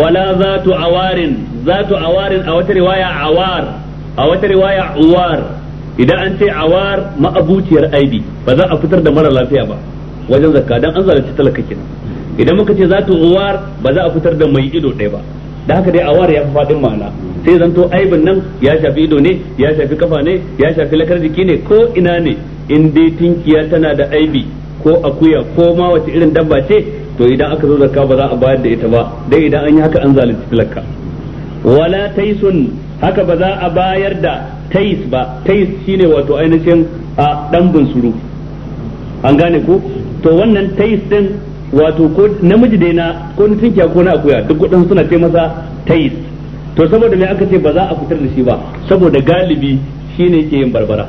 wala zatu awarin zatu awarin a wata riwaya awar a wata riwaya uwar idan an ce awar ma ma'abuciyar aibi ba za a fitar da mara lafiya ba wajen zakka dan an zalunci talaka kenan idan muka ce zatu uwar ba za a fitar da mai ido ɗaya ba da haka dai awar ya fi faɗin ma'ana sai zanto aibin nan ya shafi ido ne ya shafi kafa ne ya shafi lakar jiki ne ko ina ne in dai tinkiya tana da aibi ko akuya ko ma wace irin dabba ce to idan aka zo zakka ba za a bayar da ita ba dai idan an yi haka an zalunci talaka wala taisun haka ba za a bayar da tais ba tais shine wato ainihin a dambun bunsuru an gane ku to wannan tais din wato ko namiji dai na ko na tinkiya ko na akuya duk kudin suna ce masa tais to saboda me aka ce ba za a fitar da shi ba saboda galibi shine yake yin barbara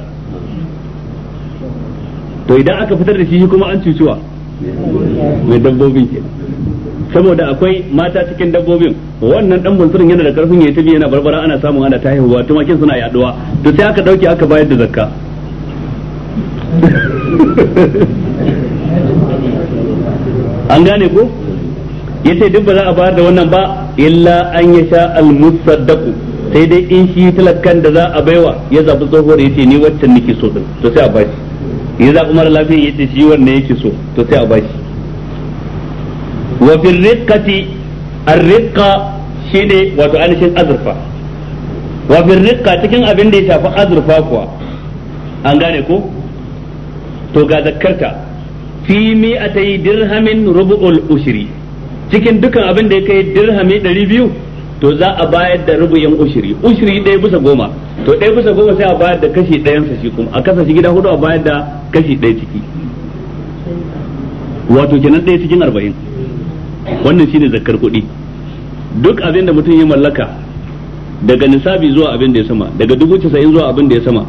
to idan aka fitar da shi kuma an cucuwa mai dabbobin ke saboda akwai mata cikin dabbobin wannan dan bunsurin yana da karfin yayi tabi yana barbara ana samun ana tahihuwa tumakin suna yaduwa to sai aka dauke aka bayar da zakka an gane ko ya ce duk ba za a bayar da wannan ba illa an ya sha almusaddaku sai dai in shi talakan da za a baiwa ya zaɓi tsohuwar ya ce ni waccan nake so din to sai a bashi ya zabi mara lafiya ya ce shi wanne yake so to sai a bashi wa fi riqqati ar-riqqa shine wato ainihin azurfa wa fi riqqa cikin abin da ya shafi azurfa kuwa an gane ko to ga zakarta fi yi dirhamin rubu'ul ushiri cikin dukan abin da ya kai dirhami ɗari biyu to za a bayar da rubu'in ushiri ushiri ɗaya bisa goma to ɗaya bisa goma sai a bayar da kashi ɗayan sa shi kuma a kasa shi gida hudu a bayar da kashi ɗaya ciki wato kenan ɗaya cikin arba'in wannan shine zakkar kuɗi duk abin da mutum ya mallaka daga nisabi zuwa abin da ya sama daga dubu casa'in zuwa abin da ya sama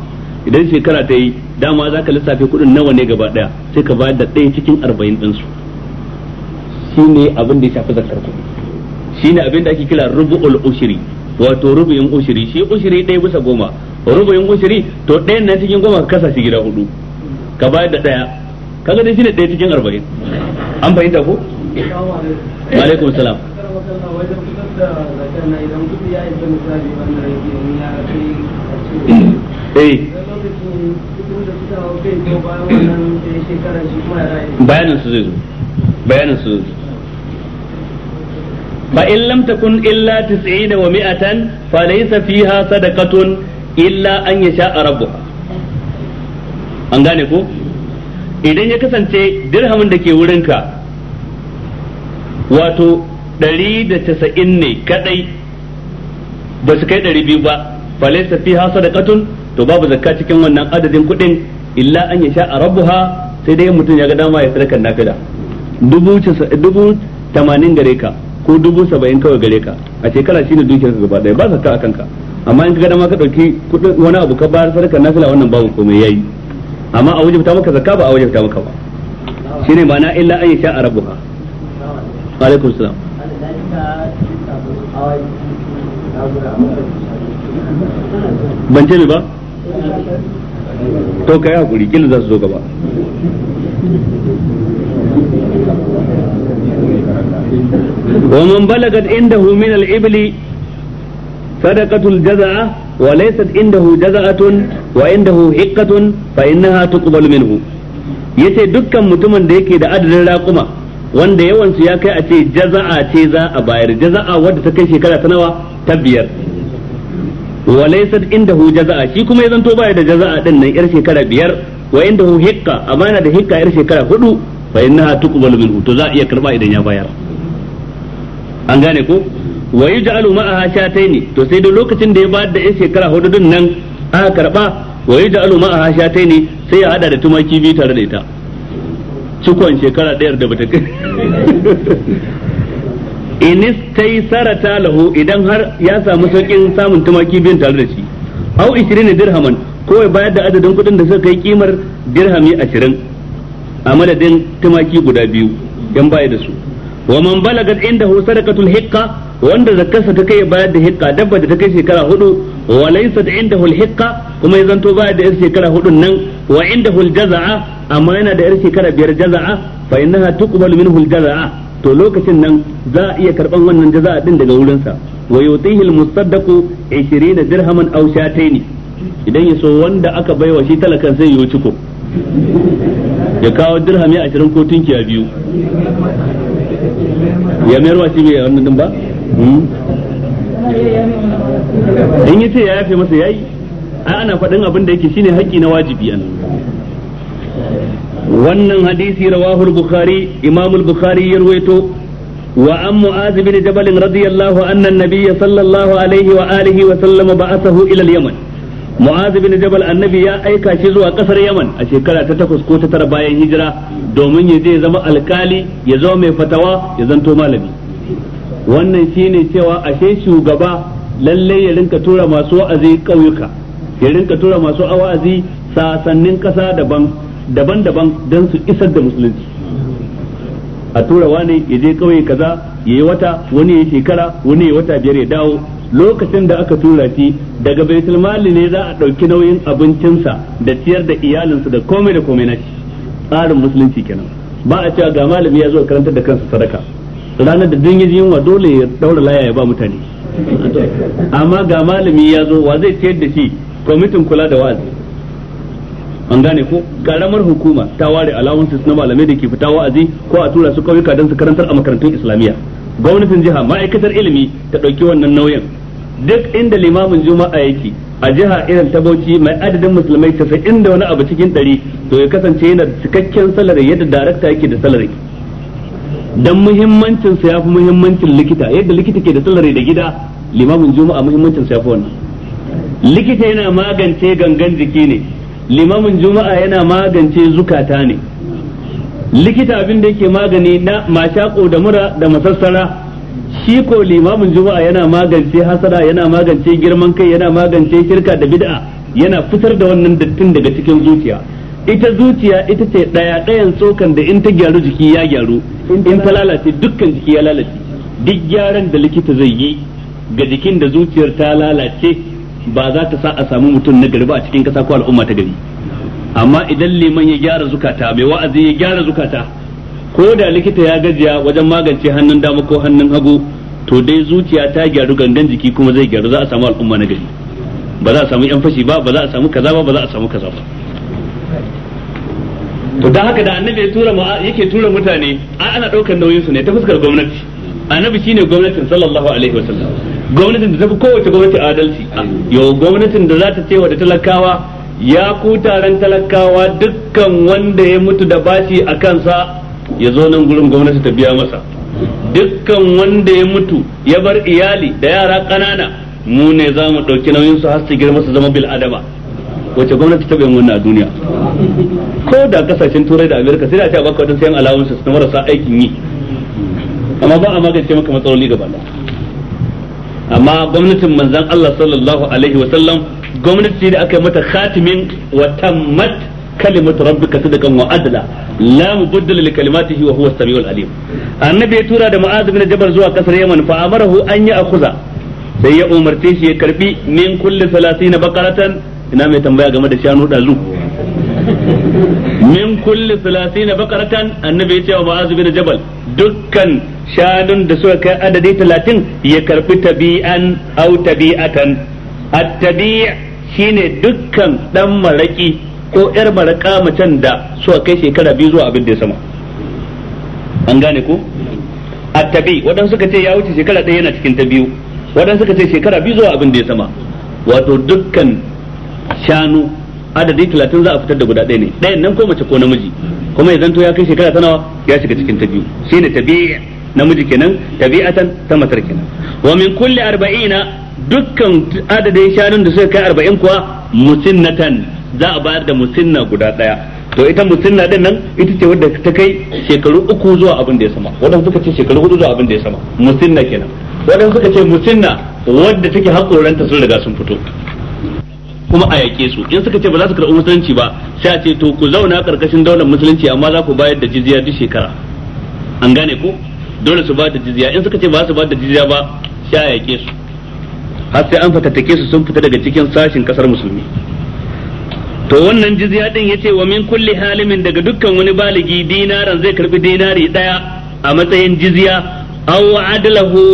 idan shekara ta yi dama za ka lissafe kudin nawa ne gaba daya sai ka bayar da ɗaya cikin arba'in ɗinsu shi ne abin da ya shafi zakar kuɗi shi ne abin da ake kira rubu'ul ushiri wato rubu'in ushiri shi ushiri ɗaya bisa goma rubu'in ushiri to ɗaya nan cikin goma ka kasa shi gida hudu ka bayar da ɗaya kaga dai shi ne ɗaya cikin arba'in an fahimta ko? alaikum salam wajen fitar idan kuɗi ya yi misali wannan ya kai eh bayanin su zai zo bayanin su zai in lam takun illa 90 wa mi'atan fa laysa fiha sadaqatun illa an yasha rabbu an gane ko idan ya kasance dirhamin da ke wurinka wato 190 ne kadai ba su kai 200 ba fa laysa fiha sadaqatun to babu zakka cikin wannan adadin kuɗin illa an ya sha a rabbuha sai dai mutum ya ga dama ya sadakar nafila dubu tamanin gare ka ko dubu saba'in kawai gare ka a shekara ne dukiyarka gaba ɗaya ba zakka a kanka amma in ka ga dama ka ɗauki kuɗin wani abu ka bayar sadakar nafila wannan babu komai yayi amma a wajibta maka zakka ba a wajibta maka ba ne ma'ana illa an ya sha a rabbuha alaikum salam ban ce ba to kai a guri gil zo gaba wa man balaga indahu min al-ibli sadaqatu al-jaza'a wa laysat indahu jaza'atun wa indahu hiqqatun fa innaha tuqbalu minhu yace dukkan mutumin da yake da adadin raƙuma wanda yawansu ya kai a ce jaza'a ce za a bayar jaza'a wanda ta kai shekara ta nawa ta biyar wa laysat indahu jaza'a shi kuma ya to baya da jaza'a din nan yar shekara biyar wa indahu hiqqa amma yana da hiqqa yar shekara hudu fa innaha tuqbalu minhu to za a iya karba idan ya bayar an gane ko wa yaj'alu ma'aha shataini to sai da lokacin da ya bayar da yar shekara hudu din nan aka karba wa yaj'alu ma'aha shataini sai ya hada da tumaki biyu tare da ita cikon shekara ɗayar da bata kai inis tai sarata lahu idan har ya samu saukin samun tumaki biyan tare da shi au 20 dirhaman ko ya bayar da adadin kuɗin da suka kai kimar dirhami 20 a madadin tumaki guda biyu yan bayar da su wa man balagat indahu sadaqatul hiqqa wanda zakarsa ta kai bayar da hiqqa dabba da ta kai shekara hudu wa laysa indahu al hiqqa kuma ya zanto bayar da yar shekara hudun nan wa indahu al jaza'a amma yana da yar shekara biyar jaza'a fa innaha tuqbalu minhu al jaza'a to lokacin nan za a iya karban wannan jaza'a din daga wurinsa wa yutihil al-musaddaqu 20 dirhaman aw shataini idan yaso wanda aka baiwa shi talakan sai yi ciko ya kawo dirhami 20 ko tunkiya biyu ya wa shi bai wannan din ba hmm? in yace ya yafe masa yayi ai ana faɗin abin da yake shine haƙƙi na wajibi anan wannan hadisi rawahu al-bukhari imam al-bukhari ya ruwaito wa an mu'az bin jabal radiyallahu anna an-nabiy sallallahu alaihi wa alihi wa sallam ba'athahu ila al-yaman mu'az bin jabal annabi ya aika shi zuwa kasar yaman a shekara ta takwas ko ta tara bayan hijira domin ya je zama alkali ya zama mai fatawa ya zanto malami wannan shine cewa ashe shugaba lalle ya rinka tura masu wa'azi ƙauyuka ya rinka tura masu wa'azi sasannin ƙasa daban daban-daban don su isar da musulunci a tura wani ya je kauye kaza ya yi wata wani ya shekara wani ya wata biyar ya dawo lokacin da aka tura shi daga baitul mali ne za a ɗauki nauyin abincinsa da ciyar da iyalinsa da komai da komai na tsarin musulunci kenan ba a cewa ga malami ya zo karantar da kansa sadaka ranar da dun yi yunwa dole ya daura laya ya ba mutane amma ga malami ya zo wa zai ciyar da shi kwamitin kula da wa'azi an gane ko karamar hukuma ta ware allowances na malamai da ke fita wa'azi ko a tura su kauyuka don su karantar a makarantun islamiyya gwamnatin jiha ma'aikatar ilimi ta ɗauki wannan nauyin duk inda limamin juma'a yake a jiha irin ta bauchi mai adadin musulmai casa'in inda wani abu cikin ɗari to ya kasance yana da cikakken salari yadda darakta yake da salari dan muhimmancin sa yafi muhimmancin likita yadda likita ke da salari da gida limamin juma'a muhimmancin sa yafi wannan likita yana magance gangan jiki ne limamin juma'a yana magance zukata ne likita abin da yake magani na mashako da mura da masassara shi ko limamin juma'a yana magance hasara yana magance girman kai yana magance shirka da bid'a yana fitar da wannan dattin daga cikin zuciya ita zuciya ita ce daya dayan tsokan da in ta gyaru jiki ya gyaru in ta lalace dukkan jiki ya lalace duk gyaran da likita zai yi ga jikin da zuciyar ta lalace ba za ta sa a samu mutum na gari ba a cikin kasa ko al'umma ta gari amma idan liman ya gyara zukata mai wa'azi ya gyara zukata ko da likita ya gajiya wajen magance hannun dama ko hannun hagu to dai zuciya ta gyaru gangan jiki kuma zai gyaru za a samu al'umma na gari ba za a samu yan fashi ba ba za a samu kaza ba ba za a samu kaza ba to dan haka da annabi ya tura mu yake tura mutane ai ana daukar nauyin su ne ta fuskar gwamnati annabi shine gwamnatin sallallahu alaihi wasallam gwamnatin da tafi kowace gwamnati adalci yau gwamnatin da za ta ce wata talakawa ya ku taron talakawa dukkan wanda ya mutu da bashi a kansa ya zo nan gurin gwamnati ta biya masa dukkan wanda ya mutu ya bar iyali da yara ƙanana mu ne za mu ɗauki nauyin su har su girma su zama bil adama wace gwamnati ta bayan wannan a duniya ko da kasashen turai da amerika sai da ta baka wadansu yan su na marasa aikin yi amma ba a magance maka matsaloli gaba ɗaya amma gwamnatin manzan Allah sallallahu alaihi wa sallam gwamnati da aka yi mata khatimin wa tammat kalimat rabbika sadaqan wa adla la mubaddala li kalimatihi wa huwa as-sami'ul alim annabi ya tura da mu'adh bin jabal zuwa kasar yaman fa amarahu an ya akuza sai ya umarce shi ya karbi min kulli 30 baqaratan ina mai tambaya game da shanu da zu min kulli 30 baqaratan annabi ya ce wa mu'adh bin jabal dukkan shanun da suka kai adadi talatin ya karbi tabi'an au tabi'atan at-tabi' shine dukkan dan maraki ko yar maraka macen da suka kai shekara biyu zuwa abin da ya sama an gane ko at-tabi' waɗansu suka ce ya wuce shekara ɗaya yana cikin ta biyu waɗansu suka ce shekara biyu zuwa abin da ya sama wato dukkan shanu adadi talatin za a fitar da guda ɗaya ne ɗayan nan ko mace ko namiji kuma ya zanto ya kai shekara ta nawa ya shiga cikin ta biyu shine tabi'i namiji kenan tabi'atan ta matar kenan wa min kulli arba'ina dukkan adadin shanun da suka kai arba'in kuwa musinnatan za a bayar da musinna guda daya to ita musinna din nan ita ce wadda ta kai shekaru uku zuwa abin da ya sama wadanda suka ce shekaru hudu zuwa abin da ya sama musinna kenan wadanda suka ce musinna wadda take hakuranta sun riga sun fito kuma a yake su in suka ce ba za su karɓi musulunci ba sai a ce to ku zauna karkashin daular musulunci amma za ku bayar da jizya duk shekara an gane ko dole su ba da jizya in suka ce ba su ba da jizya ba sai ya yake su har sai an fatattake su sun fita daga cikin sashin kasar musulmi to wannan jizya din yace wa min kulli halimin daga dukkan wani baligi dinaran zai karbi dinari daya a matsayin jizya aw adlahu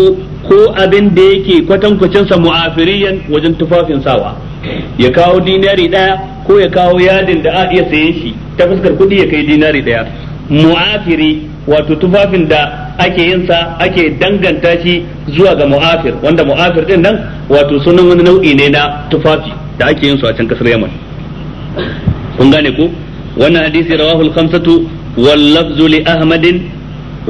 ko abin da yake kwatankwacin sa mu'afiriyan wajen tufafin sawa ya kawo dinari daya ko ya kawo yadin da a iya sayen shi ta fuskar kudi ya kai dinari daya mu'afiri wato tufafin da ake yin sa ake danganta shi zuwa ga mu'afir wanda mu'afir din nan wato sunan wani nau'i ne na tufafi da ake yin su a can kasar Yaman kun gane ko wannan hadisi rawahu al-khamsatu wal lafzu li Ahmad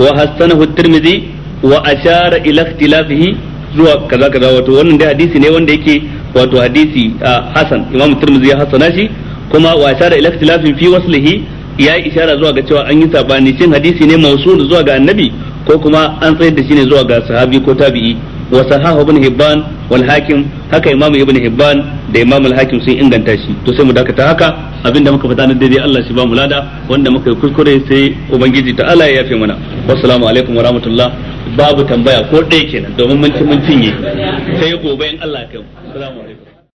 wa hasanahu at-Tirmidhi wa ashara ila ikhtilafihi zuwa kaza kaza wato wannan dai hadisi ne wanda yake wato hadisi hasan Imam Tirmidhi ya hasana shi kuma wa ashara ila ikhtilafin fi waslihi ya yi ishara zuwa ga cewa an yi sabani shin hadisi ne mausul zuwa ga annabi ko kuma an tsayar da shi ne zuwa ga sahabi ko tabi'i wa sahahu ibn hibban wal hakim haka imamu ibn hibban da imamu al hakim sun inganta shi to sai mu dakata haka abinda muka fata na daidai Allah shi ba mu lada wanda muka yi kuskure sai ubangiji ta Allah ya yafe mana assalamu alaikum wa rahmatullah babu tambaya ko ɗaya kenan domin mun ci mun cinye sai gobe in Allah ya kai mu assalamu alaikum